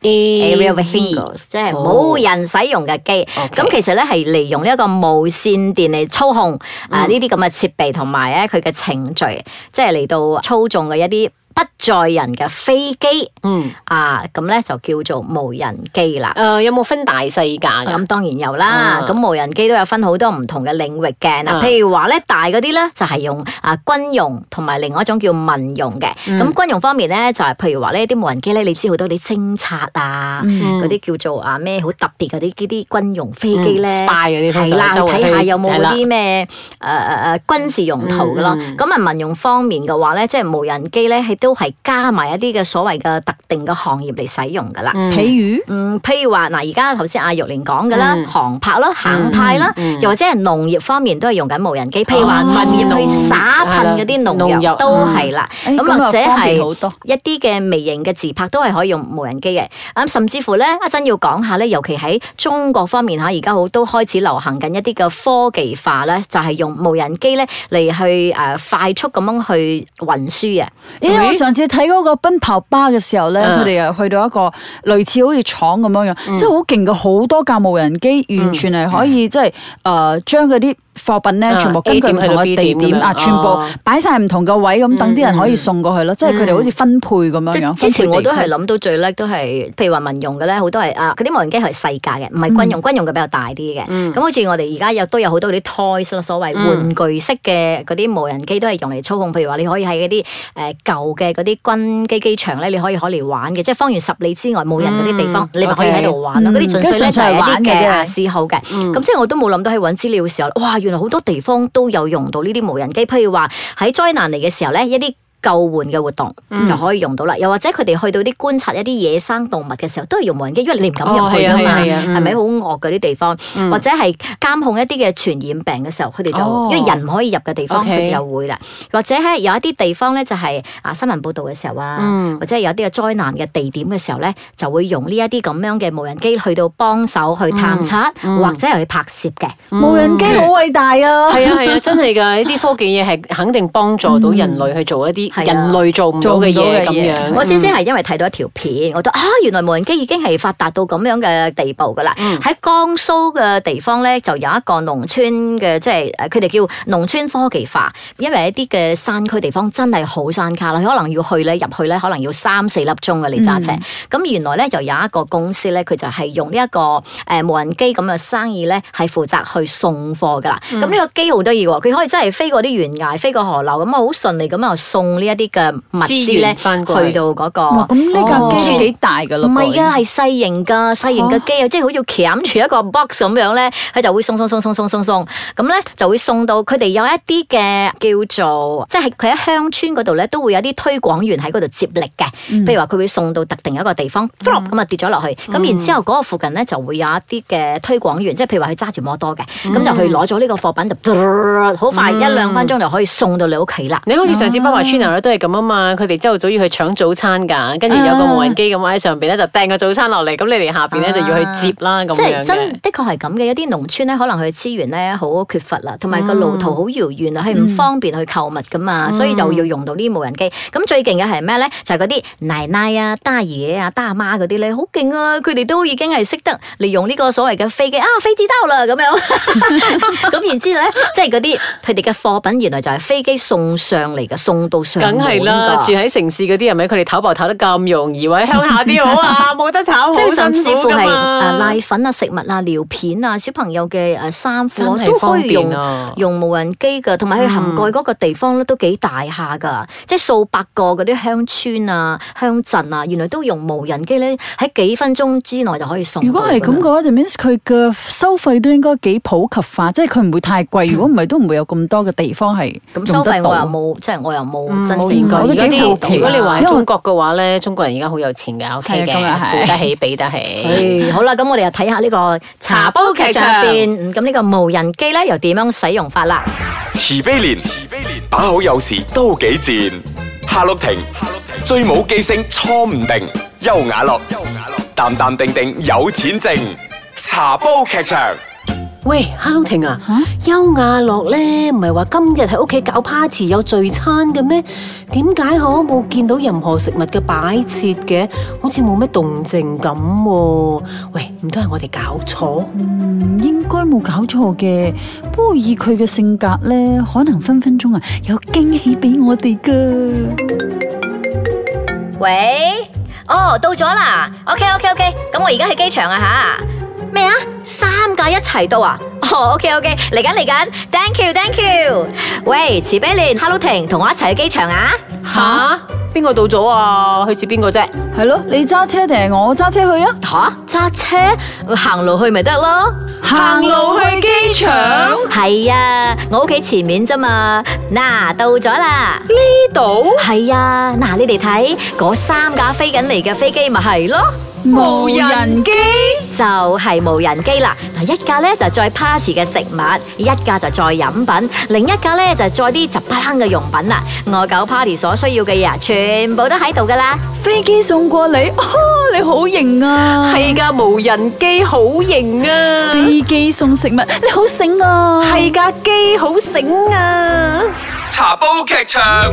A Area codes、oh. 即係冇人使用嘅機，咁 Okay. 其實咧係利用呢一個無線電嚟操控啊呢啲咁嘅設備同埋咧佢嘅程序，mm. 即係嚟到操縱嘅一啲。不在人嘅飛機，嗯啊，咁咧就叫做無人機啦。誒，有冇分大細㗎？咁當然有啦。咁無人機都有分好多唔同嘅領域嘅嗱，譬如話咧大嗰啲咧就係用啊軍用同埋另外一種叫民用嘅。咁軍用方面咧就係譬如話呢啲無人機咧，你知好多啲偵察啊嗰啲叫做啊咩好特別嗰啲呢啲軍用飛機咧，係啦，睇下有冇啲咩誒誒誒軍事用途㗎囉。咁啊，民用方面嘅話咧，即係無人機咧係都係加埋一啲嘅所謂嘅特定嘅行業嚟使用噶啦，譬如嗯，譬、嗯、如話嗱，而家頭先阿玉玲講㗎啦，航拍啦、行派啦，又、嗯嗯、或者農業方面都係用緊無人機，譬、嗯、如話農業去撒噴嗰啲農藥、嗯嗯嗯、都係啦，咁、嗯欸、或者係一啲嘅微型嘅自拍都係可以用無人機嘅。咁甚至乎咧，阿珍要講下咧，尤其喺中國方面嚇，而家好都開始流行緊一啲嘅科技化咧，就係、是、用無人機咧嚟去誒快速咁樣去運輸嘅。嗯嗯上次睇嗰個《奔跑吧》嘅時候咧，佢哋 Yeah. 又去到一個類似好似廠咁樣樣，真係好勁嘅，好多架無人機完全係可以、mm. 即係誒、呃、將嗰啲。貨品咧，全部根據唔同嘅地點啊，全部擺曬唔同嘅位，咁等啲人可以送過去咯。即係佢哋好似分配咁樣樣。之前我都係諗到最叻，都係譬如話民用嘅咧，好多係啊嗰啲無人機係細架嘅，唔係軍用。軍用嘅比較大啲嘅。咁好似我哋而家亦都有好多嗰啲 toy 咯，所謂玩具式嘅嗰啲無人機都係用嚟操控。譬如話你可以喺嗰啲誒舊嘅嗰啲軍機機場咧，你可以可嚟玩嘅，即係方圓十里之外冇人嗰啲地方，你咪可以喺度玩咯。嗰啲純粹係玩嘅，嗜好嘅。咁即係我都冇諗到喺揾資料嘅時候，哇！原來好多地方都有用到呢啲無人機，譬如話喺災難嚟嘅時候，呢一啲。救援嘅活動就可以用到啦，又或者佢哋去到啲觀察一啲野生動物嘅時候，都係用無人機，因為你唔敢入去、哦、啊嘛，係咪好惡嘅啲地方，或者係監控一啲嘅傳染病嘅時候，佢哋就、哦、因為人唔可以入嘅地方，佢哋就會啦。或者喺有一啲地方咧，就係啊新聞報道嘅時候啊，嗯、或者係有啲嘅災難嘅地點嘅時候咧，就會用呢一啲咁樣嘅無人機去到幫手去探測，嗯嗯、或者係去拍攝嘅。無人機好偉大啊！係啊係啊，真係㗎！呢啲科技嘢係肯定幫助到人類去做一啲人類做唔到嘅嘢咁樣，嗯、我先先係因為睇到一條片，我覺得啊，原來無人機已經係發達到咁樣嘅地步噶啦。喺、嗯、江蘇嘅地方咧，就有一個農村嘅，即係誒，佢哋叫農村科技化，因為一啲嘅山區地方真係好山卡啦，可能要去咧入去咧，可能要三四粒鐘嘅你揸車。咁、嗯嗯、原來咧就有一個公司咧，佢就係用呢一個誒無人機咁嘅生意咧，係負責去送貨噶啦。咁呢、嗯嗯、個機好得意喎，佢可以真係飛過啲懸崖、飛過河流，咁啊好順利咁啊送。呢一啲嘅物資咧，翻過去到嗰個。咁呢架機幾大噶咯？唔係㗎，係細型㗎，細型嘅機啊，即係好似夾住一個 box 咁樣咧，佢就會鬆鬆鬆鬆鬆鬆鬆，咁咧就會送到佢哋，有一啲嘅叫做，即係佢喺鄉村嗰度咧都會有啲推廣員喺嗰度接力嘅，譬如話佢會送到特定一個地方咁啊跌咗落去，咁然之後嗰個附近咧，就會有一啲嘅推廣員，即係譬如話佢揸住摩多嘅，咁就去攞咗呢個貨品，好快一兩分鐘就可以送到你屋企啦。你好似上次北華村都係咁啊嘛，佢哋朝頭早要去搶早餐㗎，跟住有個無人機咁喺上邊咧就掟個早餐落嚟，咁、啊、你哋下邊咧就要去接啦咁是樣嘅。即係真的，的確係咁嘅，有啲農村咧可能佢資源咧好缺乏啦，同埋個路途好遙遠啊，係唔、嗯、方便去購物噶嘛，嗯、所以就要用到呢啲無人機。咁、嗯、最勁嘅係咩咧？就係嗰啲奶奶啊、大爺啊、大媽嗰啲咧，好勁啊！佢哋都已經係識得利用呢個所謂嘅飛機啊，飛接兜啦咁樣。咁 然之後咧，即係嗰啲佢哋嘅貨品原來就係飛機送上嚟嘅，送到。梗係啦，住喺城市嗰啲係咪佢哋淘寶淘得咁容易？或者鄉下啲好啊，冇得淘即係甚至乎係誒，奶粉啊、食物啊、尿片啊、小朋友嘅誒衫褲，都可以用用無人機噶。同埋佢涵蓋嗰個地方咧，都幾大下噶，即係數百個嗰啲鄉村啊、鄉鎮啊，原來都用無人機咧，喺幾分鐘之內就可以送到。如果係咁嘅話，就 means 佢嘅收費都應該幾普及化，即係佢唔會太貴。如果唔係，都唔會有咁多嘅地方係咁收費。我又冇，即係我又冇。冇，如果如果你話喺中國嘅話咧，中國人而家好有錢㗎，O K 嘅，付得起，俾得起。好啦，咁我哋又睇下呢個茶煲劇場入邊，咁呢個無人機咧又點樣使用法啦？慈悲蓮，慈悲蓮，把好有時都幾賤。夏洛庭，夏洛庭，最冇記性，錯唔定。優雅樂，優雅樂，淡淡定定有錢剩。茶煲劇場。喂，Hello 婷 Ting, 啊，邱亞樂咧，唔係話今日喺屋企搞 party 有聚餐嘅咩？點解我冇見到任何食物嘅擺設嘅？好似冇咩動靜咁、啊。喂，唔通係我哋搞錯？嗯，應該冇搞錯嘅。不過以佢嘅性格咧，可能分分鐘啊有驚喜俾我哋噶。喂，哦，到咗啦。OK OK OK，咁我而家喺機場啊吓。咩啊？三架一齊到啊！哦，oh，OK OK，嚟緊嚟緊，Thank you Thank you。喂，慈悲蓮，Hello 婷，同我一齊去機場啊！吓？邊個到咗啊？去接邊個啫？係咯，你揸車定係我揸車去啊？吓？揸車？行路去咪得咯？行路去機場？係啊，我屋企前面啫嘛。嗱，到咗啦！呢度？係啊，嗱，你哋睇嗰三架飛緊嚟嘅飛機咪係咯？.無人機 就係無人機啦，嗱，一架咧就載 party 嘅食物，一架就載飲品，另一架咧就載啲雜坑嘅用品啦。我狗 party 所需要嘅嘢啊，全部都喺度噶啦。飛機送過嚟，哦，你好型啊，係架無人機好型啊。飛機送食物，你好醒啊，係架機好醒啊。茶煲劇場。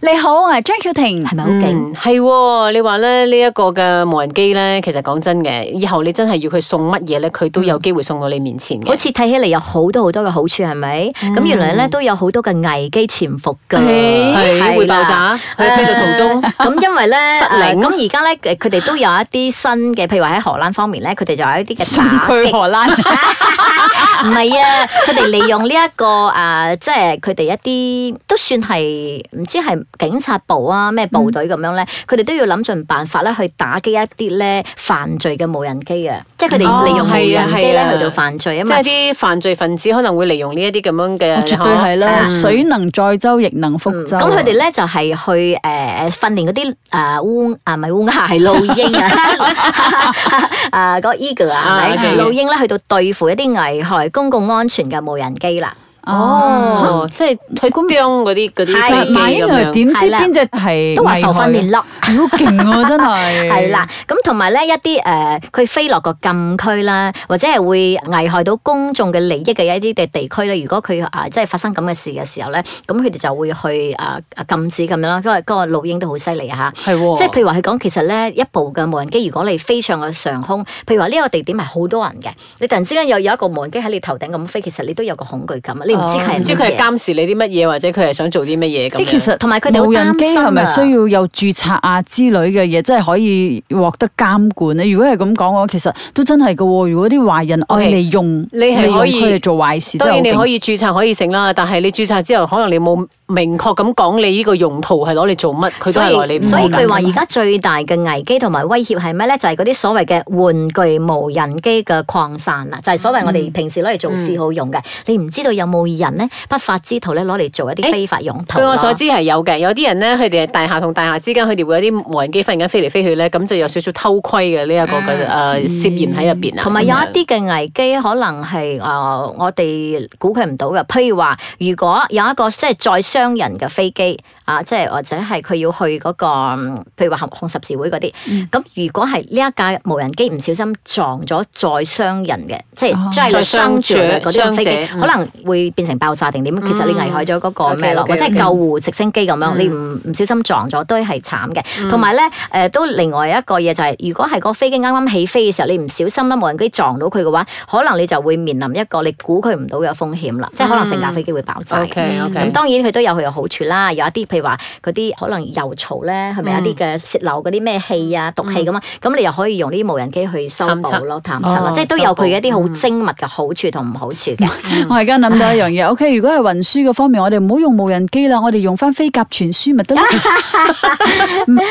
你好，啊阿張曉婷，係咪好勁？係、嗯哦、你話咧，呢、這、一個嘅無人機咧，其實講真嘅，以後你真係要佢送乜嘢咧，佢都有機會送到你面前嘅。嗯、好似睇起嚟有好多好多嘅好處，係咪？咁、嗯、原來咧都有好多嘅危機潛伏噶、哎，會爆炸喺的、呃、飛到途中。咁、嗯嗯、因為咧咁而家咧，佢哋 靈、啊嗯、都有一啲新嘅，譬如話喺荷蘭方面咧，佢哋就有一啲嘅襲擊荷蘭。唔 係 啊，佢哋利用呢、這、一個啊，即係佢哋一啲都算係唔知係。警察部啊，咩部隊咁樣咧？佢哋都要諗盡辦法咧，去打擊一啲咧犯罪嘅無人機啊！即係佢哋利用無人機咧去到犯罪啊嘛！即係啲犯罪分子可能會利用呢一啲咁樣嘅，絕對係啦。水能載舟，亦能覆舟。咁佢哋咧就係去誒誒訓練嗰啲啊烏啊唔係烏鴉係老鷹啊，啊個 Eagle 啊，老鷹咧去到對付一啲危害公共安全嘅無人機啦。哦，即係喺觀光嗰啲嗰啲都係咁樣。點知邊隻係都話受訓練咯？好勁啊！真係。係啦，咁同埋咧一啲誒，佢飛落個禁區啦，或者係會危害到公眾嘅利益嘅一啲地地區咧。如果佢啊，即係發生咁嘅事嘅時候咧，咁佢哋就會去啊禁止咁樣咯。因為嗰個錄影都好犀利嚇，係喎。即係譬如話佢講，其實咧一部嘅無人機，如果你飛上個上空，譬如話呢個地點係好多人嘅，你突然之間又有一個無人機喺你頭頂咁飛，其實你都有個恐懼感啊！唔、哦、知佢係監視你啲乜嘢，或者佢係想做啲乜嘢咁。其實同埋佢哋擔心，無人機係咪需要有註冊啊之類嘅嘢，即係可以獲得監管咧？如果係咁講嘅話，其實都真係㗎喎。如果啲壞人愛利用，你係可以做壞事。當然你可以註冊可以成啦，但係你註冊之後，可能你冇。明確咁講，你呢個用途係攞嚟做乜？佢以都係來你所以佢話而家最大嘅危機同埋威脅係咩咧？就係嗰啲所謂嘅玩具無人機嘅擴散啊！就係、是、所謂我哋平時攞嚟做事好用嘅，嗯、你唔知道有冇人呢？不法之徒咧攞嚟做一啲非法用途。據、欸、我所知係有嘅，有啲人咧佢哋係大廈同大廈之間佢哋會有啲無人機飛緊飛嚟飛去咧，咁就有少少偷窺嘅呢一個嘅誒、嗯啊、涉嫌喺入邊啊。同埋有，有一啲嘅危機可能係誒、呃、我哋估佢唔到嘅，譬如話如果有一個即係再……傷人嘅飛機啊，即係或者係佢要去嗰、那個，譬如話紅十字會嗰啲。咁、嗯、如果係呢一架無人機唔小心撞咗再傷人嘅，嗯、即係即係再生著嗰啲飛機，嗯、可能會變成爆炸定點。嗯、其實你危害咗嗰個咩咯？或者係、嗯 okay, okay, okay. 救護直升機咁樣，嗯、你唔唔小心撞咗都係慘嘅。同埋咧，誒、呃，都另外一個嘢就係、是，如果係個飛機啱啱起飛嘅時候，你唔小心啦，無人機撞到佢嘅話，可能你就會面臨一個你估佢唔到嘅風險啦，即係可能成架飛機會爆炸。咁當然佢都有。Okay, okay. 嗯有佢有好處啦，有一啲譬如話嗰啲可能油槽咧，係咪有啲嘅泄漏嗰啲咩氣啊、毒氣咁啊？咁你又可以用呢啲無人機去修補咯、探測咯，即係都有佢一啲好精密嘅好處同唔好處嘅。我而家諗到一樣嘢，OK，如果係運輸嘅方面，我哋唔好用無人機啦，我哋用翻飛甲傳輸咪得咯，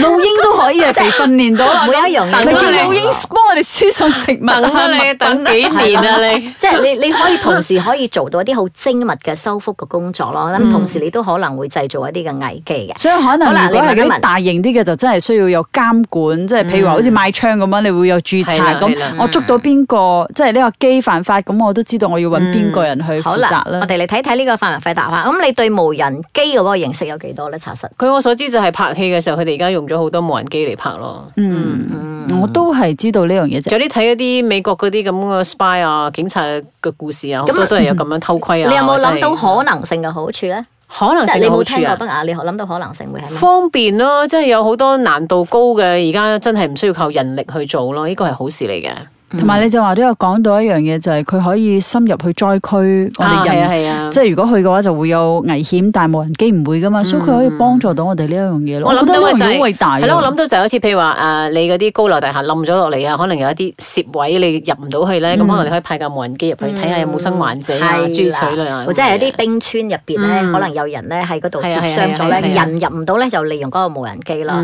老鷹都可以啊，被訓練到每一樣嘢。佢叫老鷹幫我哋輸送食物啊，等幾年啊，你即係你你可以同時可以做到一啲好精密嘅修復嘅工作咯。咁同時你都可能會製造一啲嘅危機嘅，所以可能嗱，你係咁大型啲嘅，就真係需要有監管，即係譬如話好似賣槍咁樣，你會有注冊，咁我捉到邊個，即係呢個機犯法，咁我都知道我要揾邊個人去負責啦。我哋嚟睇睇，呢個泛民費達話，咁你對無人機嗰個認識有幾多咧？查實，據我所知就係拍戲嘅時候，佢哋而家用咗好多無人機嚟拍咯。嗯，我都係知道呢樣嘢啫，有啲睇一啲美國嗰啲咁嘅 spy 啊、警察嘅故事啊，好多都係有咁樣偷窺啊。你有冇諗到可能性嘅好處咧？可能係你好處啊！你諗到可能性會係咩？方便咯，即係有好多難度高嘅，而家真係唔需要靠人力去做咯，呢個係好事嚟嘅。同埋你就話都有講到一樣嘢，就係佢可以深入去災區，我哋人係啊，即係如果去嘅話就會有危險，但係無人機唔會噶嘛，所以佢可以幫助到我哋呢一樣嘢咯。我諗到嘅就係係咯，我諗到就係好似譬如話誒你嗰啲高樓大廈冧咗落嚟啊，可能有一啲摺位你入唔到去咧，咁可能你可以派架無人機入去睇下有冇生還者啊、珠水或者係啲冰川入邊咧，可能有人咧喺嗰度跌傷咗，人入唔到咧就利用嗰個無人機啦。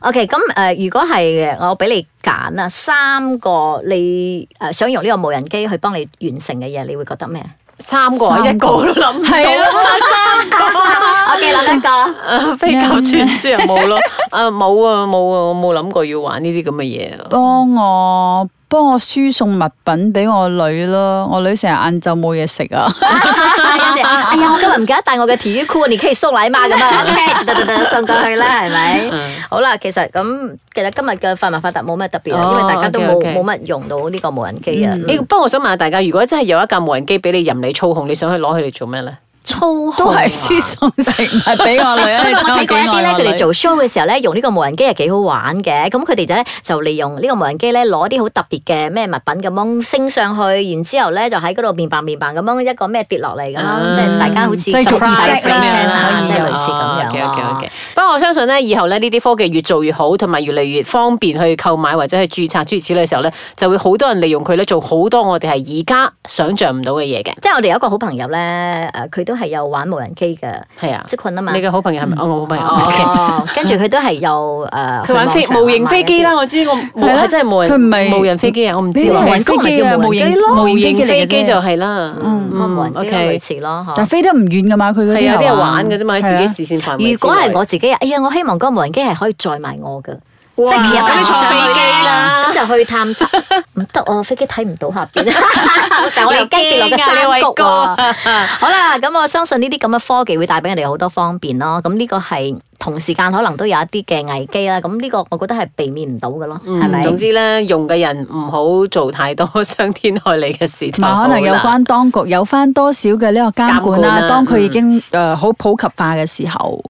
OK，咁誒如果係我俾你揀啊，三個你。你誒、呃，想用呢個無人機去幫你完成嘅嘢，你會覺得咩？ 三個、一個都諗唔到。我記諗一個，飛鴿傳書啊，冇咯。啊，冇啊，冇啊，我冇諗過要玩呢啲咁嘅嘢。當我。幫我輸送物品俾我女咯，我女成日晏晝冇嘢食啊！有時，哎呀，我今日唔記得帶我嘅 T 恤褲啊，你可以送禮物噶嘛？OK，得得得， 送過去啦，係咪？好啦，其實咁，其實今日嘅發明發達冇乜特別、oh, 因為大家都冇冇乜用到呢個無人機啊。不過、嗯嗯欸、我想問下大家，如果真係有一架無人機俾你任意操控， 你想去攞佢嚟做咩咧？粗、啊、都係輸送性，係 俾我啦女。 我睇過啲咧，佢哋做 show 嘅時候咧，用呢個無人機係幾好玩嘅。咁佢哋咧就利用呢個無人機咧，攞啲好特別嘅咩物品咁樣升上去，然之後咧就喺嗰度綿棒綿棒咁樣一個咩跌落嚟咁，即係大家好似捉緊啦，即 係楽、啊、類似咁樣 OK, OK, OK, OK。嘅嘅嘅。不過我相信咧，以後咧呢啲科技越做越好，同埋越嚟越方便去購買或者去註冊諸如此類嘅時候咧，就會好多人利用佢咧做好多我哋係而家想象唔到嘅嘢嘅。即係我哋有一個好朋友咧，誒佢。都係有玩無人機噶係啊，即係困啊嘛。你嘅好朋友係咪？我好朋友，跟住佢都係有誒，佢玩飛模型飛機啦。我知我係咯，即係模型。佢唔係無人機啊，我唔知啊。佢係玩飛機啊，模型咯，模型飛機就係啦。嗯，模型機嘅類似咯，吓就飛得唔遠噶嘛。佢嗰啲有啲玩嘅啫嘛，喺自己視線範圍。如果係我自己啊，哎呀，我希望個無人機係可以載埋我噶。哇即係入去坐飛機啦，咁就去探測。唔得哦，飛機睇唔到下邊， 但係我哋驚跌落嘅山谷好啦，咁我相信呢啲咁嘅科技會帶俾人哋好多方便咯。咁呢個係同時間可能都有一啲嘅危機啦。咁呢個我覺得係避免唔到嘅咯。咪、嗯？係咪總之咧，用嘅人唔好做太多傷天害理嘅事情。可能有關當局 有翻多少嘅呢個監管啦、啊？管啊嗯、當佢已經誒好、呃、普及化嘅時候。